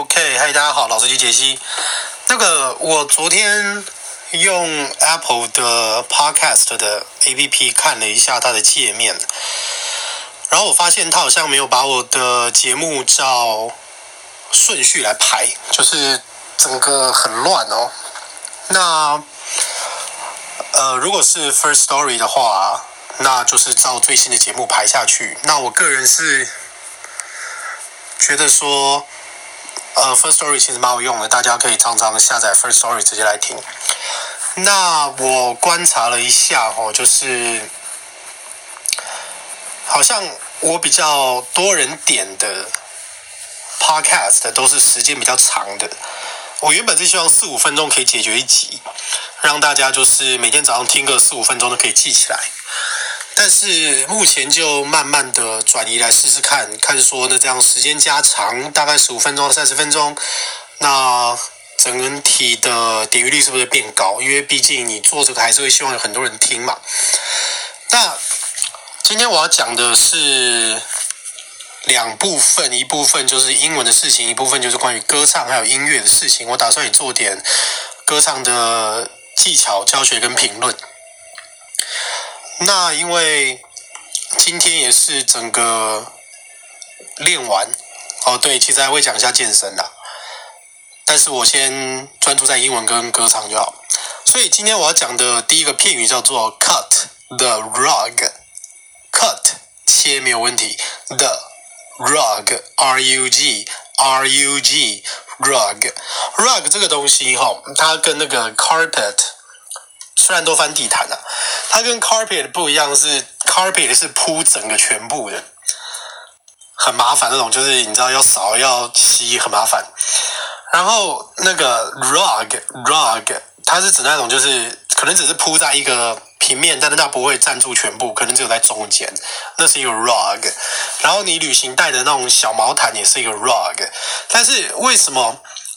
OK，嗨、hey,，大家好，老司機傑西。那個，我昨天用 Apple 的 Podcast 的 APP 看了一下它的界面，然後我發現它好像沒有把我的節目照順序來排，就是整個很亂哦。那呃，如果是 Firstory 的話，那就是照最新的節目排下去。那我個人是覺得說。呃，uh，First Story 其實蠻有用的，大家可以常常下載 First Story 直接來聽。那我觀察了一下哦，就是好像我比較多人點的 Podcast 都是時間比較長的。我原本是希望四五分鐘可以解決一集，讓大家就是每天早上聽個四五分鐘都可以記起來。但是目前就慢慢的轉移來試試看看說那，這樣時間加長，大概十五分鐘、三十分鐘，那整體的點擊率是不是變高？因為畢竟你做這個還是會希望有很多人聽嘛。那今天我要講的是兩部分，一部分就是英文的事情，一部分就是關於歌唱還有音樂的事情。我打算也做點歌唱的技巧教學跟評論。那因為今天也是整個練完哦，對，其實還會講一下健身的、啊，但是我先專注在英文跟歌唱就好。所以今天我要講的第一個片語叫做 the rug. “cut the rug”，cut 切沒有問題，the rug r u g r u g rug rug 這個東西哈、哦，它跟那個 carpet。雖然都翻地毯了啊，它跟 carpet 不一樣，是 carpet 是鋪整個全部的，很麻煩那種，就是你知道要掃要吸很麻煩。然後那個 rug rug，它是指那種就是可能只是鋪在一個平面，但是它不會占住全部，可能只有在中間，那是一個 rug。然後你旅行帶的那種小毛毯也是一個 rug，但是為什麼？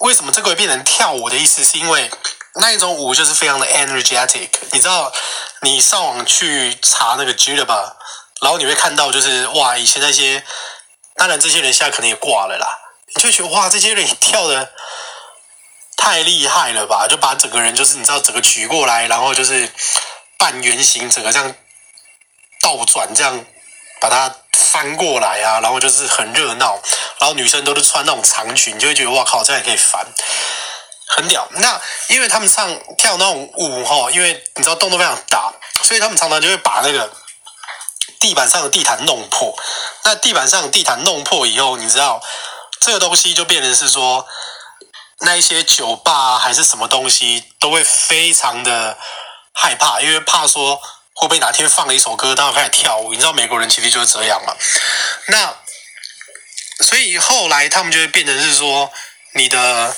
為什麼這個會變成跳舞的意思？是因為那一種舞就是非常的 energetic。你知道，你上網去查那個 g e l b 然後你會看到就是哇，以前那些當然這些人現在可能也掛了啦。你就覺得哇，這些人也跳的太厲害了吧？就把整個人就是你知道整個舉過來，然後就是半圓形，整個這樣倒轉這樣把它。翻過來啊，然後就是很熱鬧，然後女生都是穿那種長裙，你就會覺得哇靠，這樣也可以翻，很屌。那因為他們唱跳那種舞哈，因為你知道動作非常大，所以他們常常就會把那個地板上的地毯弄破。那地板上的地毯弄破以後，你知道這個東西就變成是說，那一些酒吧啊，還是什麼東西都會非常的害怕，因為怕說。會不會哪天放了一首歌，然後開始跳舞？你知道美國人其實就是這樣嘛？那所以後來他們就會變成是說，你的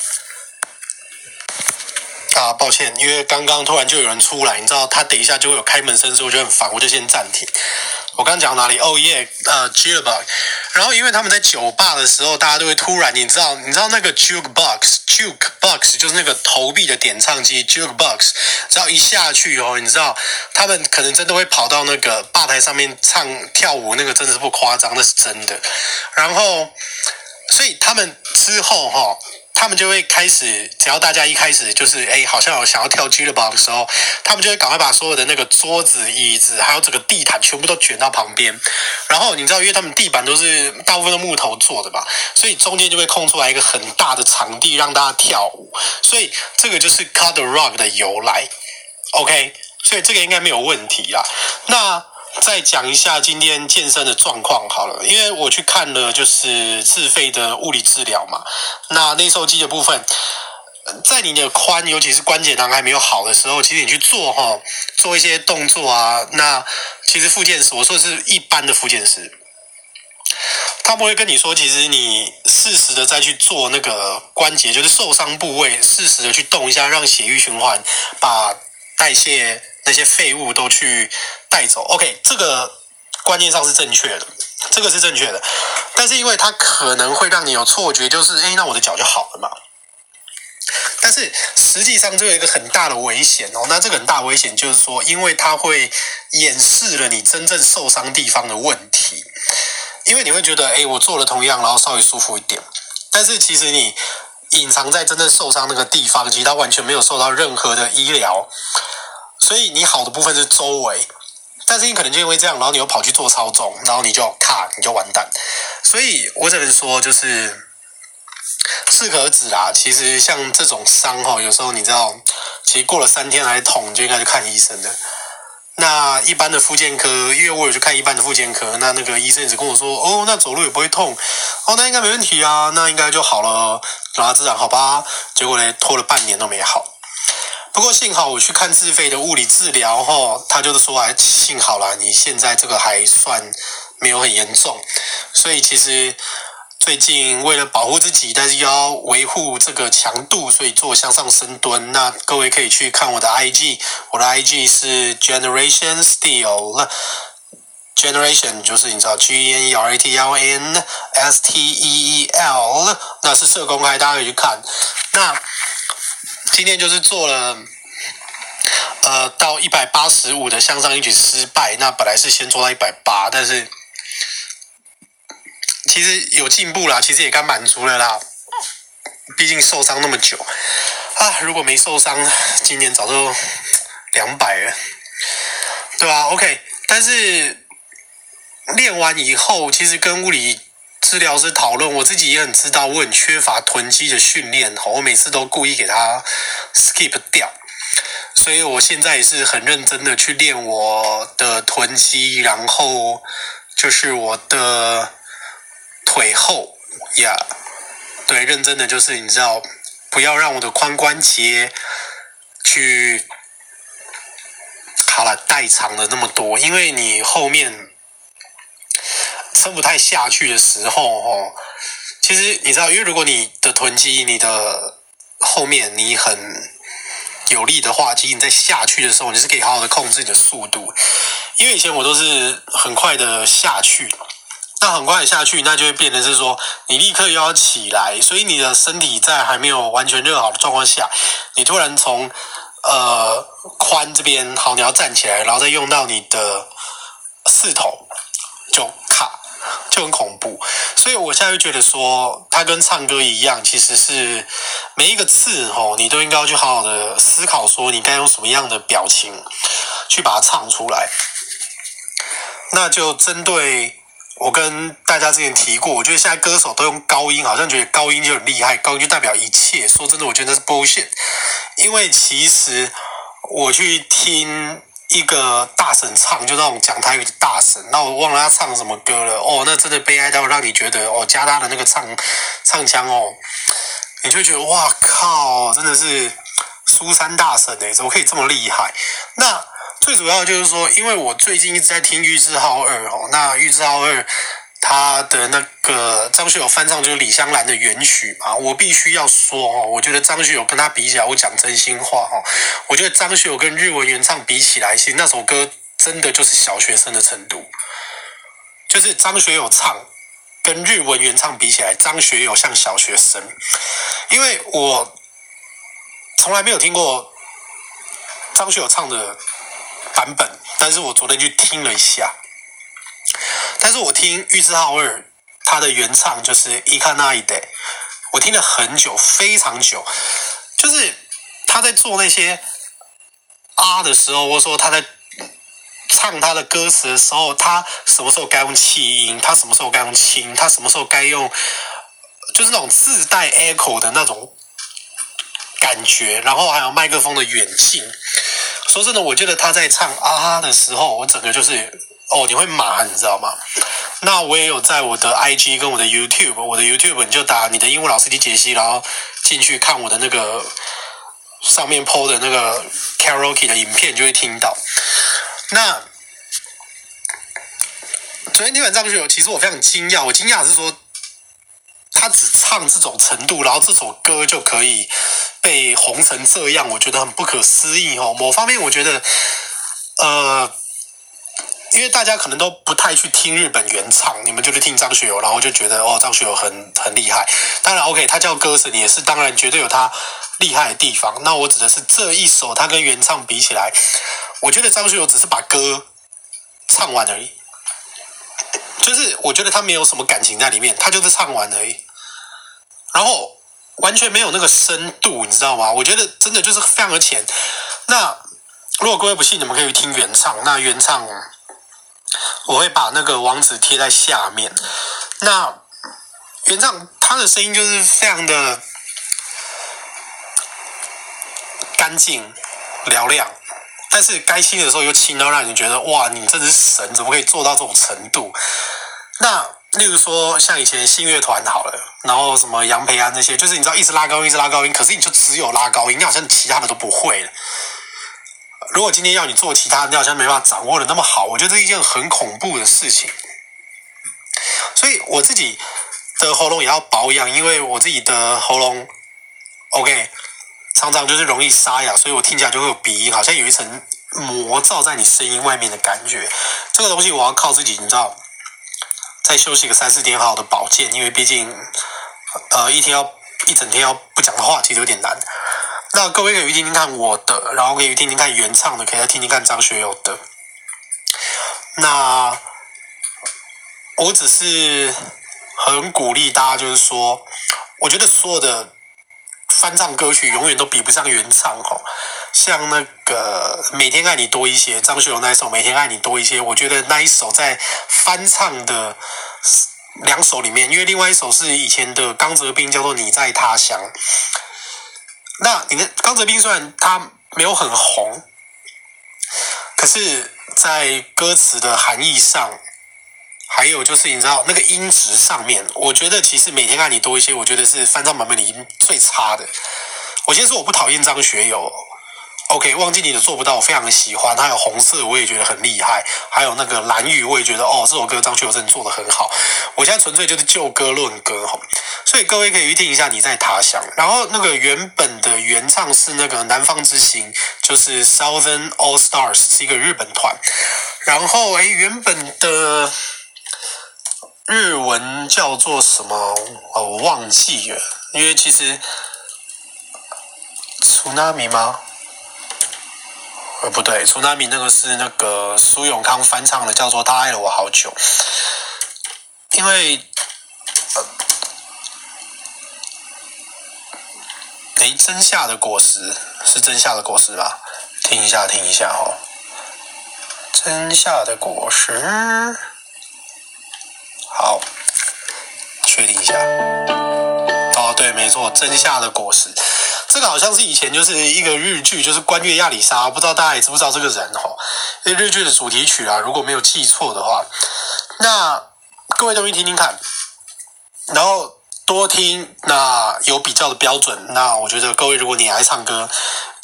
啊，抱歉，因為剛剛突然就有人出來，你知道他等一下就會有開門聲，所以我覺得很煩，我就先暫停。我剛講到哪裡？Oh yeah，呃，Jukebox。然後因為他們在酒吧的時候，大家都會突然，你知道，你知道那個 Jukebox，Juke。就是那個投幣的點唱機，Jukebox，只要一下去以後，你知道他們可能真的會跑到那個吧台上面唱、跳舞，那個真的是不誇張，那是真的。然後，所以他們之後哈、哦。他們就會開始，只要大家一開始就是哎、欸，好像有想要跳 jitterbug 的時候，他們就會趕快把所有的那個桌子、椅子，還有整個地毯全部都捲到旁邊。然後你知道，因為他們地板都是大部分的木頭做的吧，所以中間就會空出來一個很大的場地讓大家跳舞。所以這個就是 cut the rug 的由來。OK，所以這個應該沒有問題啦。那。再講一下今天健身的狀況好了，因為我去看了就是自費的物理治療嘛。那內收肌的部分，在你的髖尤其是關節囊還沒有好的時候，其實你去做哈，做一些動作啊。那其實復健師，我說的是一般的復健師，他不會跟你說，其實你適時的再去做那個關節，就是受傷部位，適時的去動一下，讓血液循環把代謝。那些廢物都去帶走。OK，這個觀念上是正確的，這個是正確的。但是因為它可能會讓你有錯覺，就是誒，那我的腳就好了嘛。但是實際上就有一個很大的危險哦。那這個很大危險就是說，因為它會掩飾了你真正受傷地方的問題。因為你會覺得，誒，我做了同樣，然後稍微舒服一點。但是其實你隱藏在真正受傷那個地方，其實它完全沒有受到任何的醫療。所以你好的部分是周圍，但是你可能就因為這樣，然後你又跑去做超重，然後你就卡，你就完蛋。所以我只能說就是適可而止啦、啊。其實像這種傷吼，有時候你知道，其實過了三天還痛，就應該去看醫生的。那一般的復健科，因為我有去看一般的復健科，那那個醫生只跟我說，哦，那走路也不會痛，哦，那應該沒問題啊，那應該就好了，然後自然好吧？結果呢，拖了半年都沒好。不過幸好我去看自費的物理治療，後他就是說，還幸好啦，你現在這個還算沒有很嚴重，所以其實最近為了保護自己，但是要維護這個強度，所以做向上深蹲。那各位可以去看我的 IG，我的 IG 是 Gen Steel, Generation Steel，Generation 就是你知道 G E N E R A T I O N S T E E L，那是社公開，大家可以去看。那。今天就是做了，呃，到一百八十五的向上一舉失敗。那本來是先做到一百八，但是其實有進步啦，其實也該滿足了啦。畢竟受傷那麼久啊，如果沒受傷，今年早就兩百了，對吧，啊？OK，但是練完以後，其實跟物理。治療師討論，我自己也很知道，我很缺乏臀肌的訓練。我每次都故意給他 skip 掉，所以我現在也是很認真的去練我的臀肌，然後就是我的腿後，呀、yeah，對，認真的就是你知道，不要讓我的髖關節去好了，代償了那麼多，因為你後面。撐不太下去的時候，哦，其實你知道，因為如果你的臀肌、你的後面你很有力的話，其實你在下去的時候，你是可以好好的控制你的速度。因為以前我都是很快的下去，那很快的下去，那就會變成是說你立刻又要起來，所以你的身體在還沒有完全熱好的狀況下，你突然從呃髖這邊，好，你要站起來，然後再用到你的四頭就卡。就很恐怖，所以我現在就覺得說，他跟唱歌一樣，其實是每一個字吼，你都應該去好好的思考，說你該用什麼樣的表情去把它唱出來。那就針對我跟大家之前提過，我覺得現在歌手都用高音，好像覺得高音就很厲害，高音就代表一切。說真的，我覺得那是 bullshit，因為其實我去聽。一個大神唱，就那種講台語的大神，那我忘了他唱什麼歌了。哦，那真的悲哀，到讓你覺得哦，加大的那個唱唱腔哦，你就覺得哇靠，真的是蘇三大神哎，怎麼可以這麼厲害？那最主要的就是說，因為我最近一直在聽玉置浩二哦，那玉置浩二，他的那個張學友翻唱就是李香蘭的原曲啊，我必須要說哦，我覺得張學友跟他比起來，我講真心話哦，我覺得張學友跟日文原唱比起來，其實那首歌真的就是小學生的程度，就是張學友唱跟日文原唱比起來，張學友像小學生，因為我從來沒有聽過張學友唱的版本，但是我昨天去聽了一下。但是我聽玉置浩二他的原唱就是《行かないで》我聽了很久，非常久。就是他在做那些啊的時候，我說他在唱他的歌詞的時候，他什麼時候該用氣音，他什麼時候該用輕，他什麼時候該用，該用就是那種自帶 echo 的那種感覺。然後還有麥克風的遠近。說真的，我覺得他在唱啊的時候，我整個就是。哦，oh, 你會罵，你知道嗎？那我也有在我的 IG 跟我的 YouTube，我的 YouTube 你就打你的英文老師機傑西，然後進去看我的那個上面播的那個 Karaoke 的影片，就會聽到。那昨天聽完張學友，其實我非常驚訝，我驚訝的是說他只唱這種程度，然後這首歌就可以被紅成這樣，我覺得很不可思議哦。某方面我覺得，呃。因為大家可能都不太去聽日本原唱，你們就是聽張學友，然後就覺得哦，張學友很很厲害。當然 OK，他叫歌神也是，當然絕對有他厲害的地方。那我指的是這一首，他跟原唱比起來，我覺得張學友只是把歌唱完而已，就是我覺得他沒有什麼感情在裡面，他就是唱完而已，然後完全沒有那個深度，你知道嗎？我覺得真的就是非常的淺。那如果各位不信，你們可以聽原唱，那原唱我會把那個網址貼在下面。那原唱他的聲音就是非常的乾淨、嘹亮，但是該輕的時候又輕，到讓你覺得哇，你真的是神，怎麼可以做到這種程度？那例如說像以前信樂團好了，然後什麼楊培安那些，就是你知道一直拉高音，一直拉高音，可是你就只有拉高音，你好像你其他的都不會。如果今天要你做其他的，你好像沒辦法掌握的那麼好，我覺得這是一件很恐怖的事情。所以我自己的喉嚨也要保養，因為我自己的喉嚨 OK，常常就是容易沙啞，所以我聽起來就會有鼻音，好像有一層膜罩在你聲音外面的感覺。這個東西我要靠自己，你知道，再休息個三四天，好好的保健，因為畢竟呃一天要一整天要不講的話，其實有點難。那各位可以聽聽看我的，然後可以聽聽看原唱的，可以來聽聽看張學友的。那我只是很鼓勵大家，就是說，我覺得所有的翻唱歌曲永遠都比不上原唱哦。像那個《每天愛你多一些》，張學友那一首《每天愛你多一些》，我覺得那一首在翻唱的兩首裡面，因為另外一首是以前的剛澤斌，叫做《你在他鄉》。那你的張澤斌雖然他沒有很紅，可是，在歌詞的含義上，還有就是你知道那個音質上面，我覺得其實每天愛你多一些，我覺得是翻唱版本裡最差的。我先說我不討厭張學友。OK，忘記你的做不到，我非常喜歡。還有紅色，我也覺得很厲害。還有那個藍雨，我也覺得哦，這首歌張學友真的做的很好。我現在純粹就是就歌論歌哈。所以各位可以預定一下你在他鄉。然後那個原本的原唱是那個南方之星，就是 Southern All Stars 是一個日本團。然後誒原本的日文叫做什麼？哦，我忘記了，因為其實，Tsunami 嗎？呃，不對，竹內敏那個是那個蘇永康翻唱的，叫做《他愛了我好久》。因為，誒、欸，真夏的果實是真夏的果實吧？聽一下，聽一下哦。真夏的果實，好，確定一下。哦，對，沒錯，真夏的果實。這個好像是以前就是一個日劇，就是《觀月亞里沙》，不知道大家也知不知道這個人哈、哦？那日劇的主題曲啊，如果沒有記錯的話，那各位都可以聽聽看，然後多聽，那有比較的標準。那我覺得，各位如果你愛唱歌，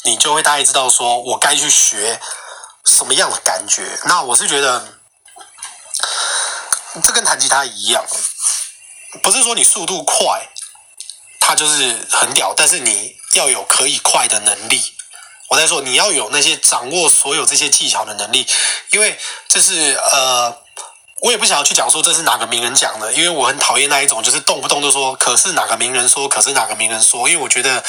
你就會大概知道說我該去學什麼樣的感覺。那我是覺得，這跟彈吉他一樣，不是說你速度快。他就是很屌，但是你要有可以快的能力。我在說你要有那些掌握所有這些技巧的能力，因為這是呃，我也不想要去講說這是哪個名人講的，因為我很討厭那一種就是動不動就說可是哪個名人說，可是哪個名人說，因為我覺得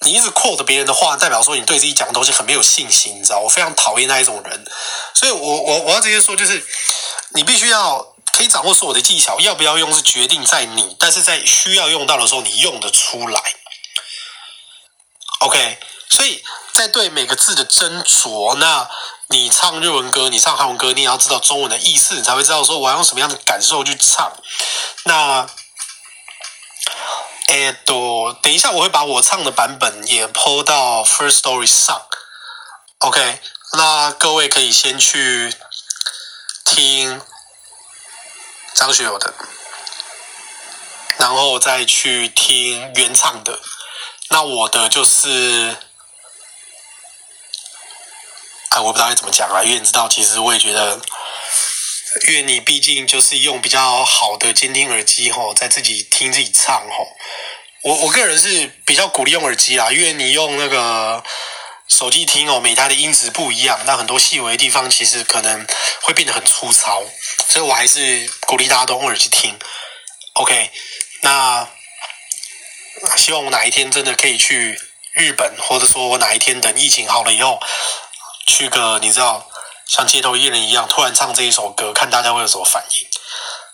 你一直 quote 別人的話，代表說你對自己講的東西很沒有信心，你知道？我非常討厭那一種人，所以我我我要直接說，就是你必須要。可以掌握是我的技巧，要不要用是決定在你。但是在需要用到的時候，你用得出來。OK，所以在對每個字的斟酌，那你唱日文歌，你唱韓文歌，你也要知道中文的意思，你才會知道說我要用什麼樣的感受去唱。那 e d、呃、等一下我會把我唱的版本也 po 到 First Story 上。OK，那各位可以先去聽。張學友的，然後再去聽原唱的。那我的就是，哎，我不知道該怎麼講啦、啊，因為你知道，其實我也覺得，因為你畢竟就是用比較好的監聽耳機吼、哦，在自己聽自己唱吼、哦。我我個人是比較鼓勵用耳機啦，因為你用那個手機聽哦，每台的音質不一樣，那很多細微的地方其實可能會變得很粗糙。所以，我還是鼓勵大家都偶去聽。OK，那希望我哪一天真的可以去日本，或者說我哪一天等疫情好了以後，去個你知道，像街頭藝人一樣，突然唱這一首歌，看大家會有什麼反應。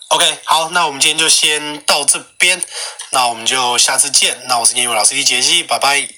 OK，好，那我們今天就先到這邊，那我們就下次見。那我是英文老師，傑西，拜拜。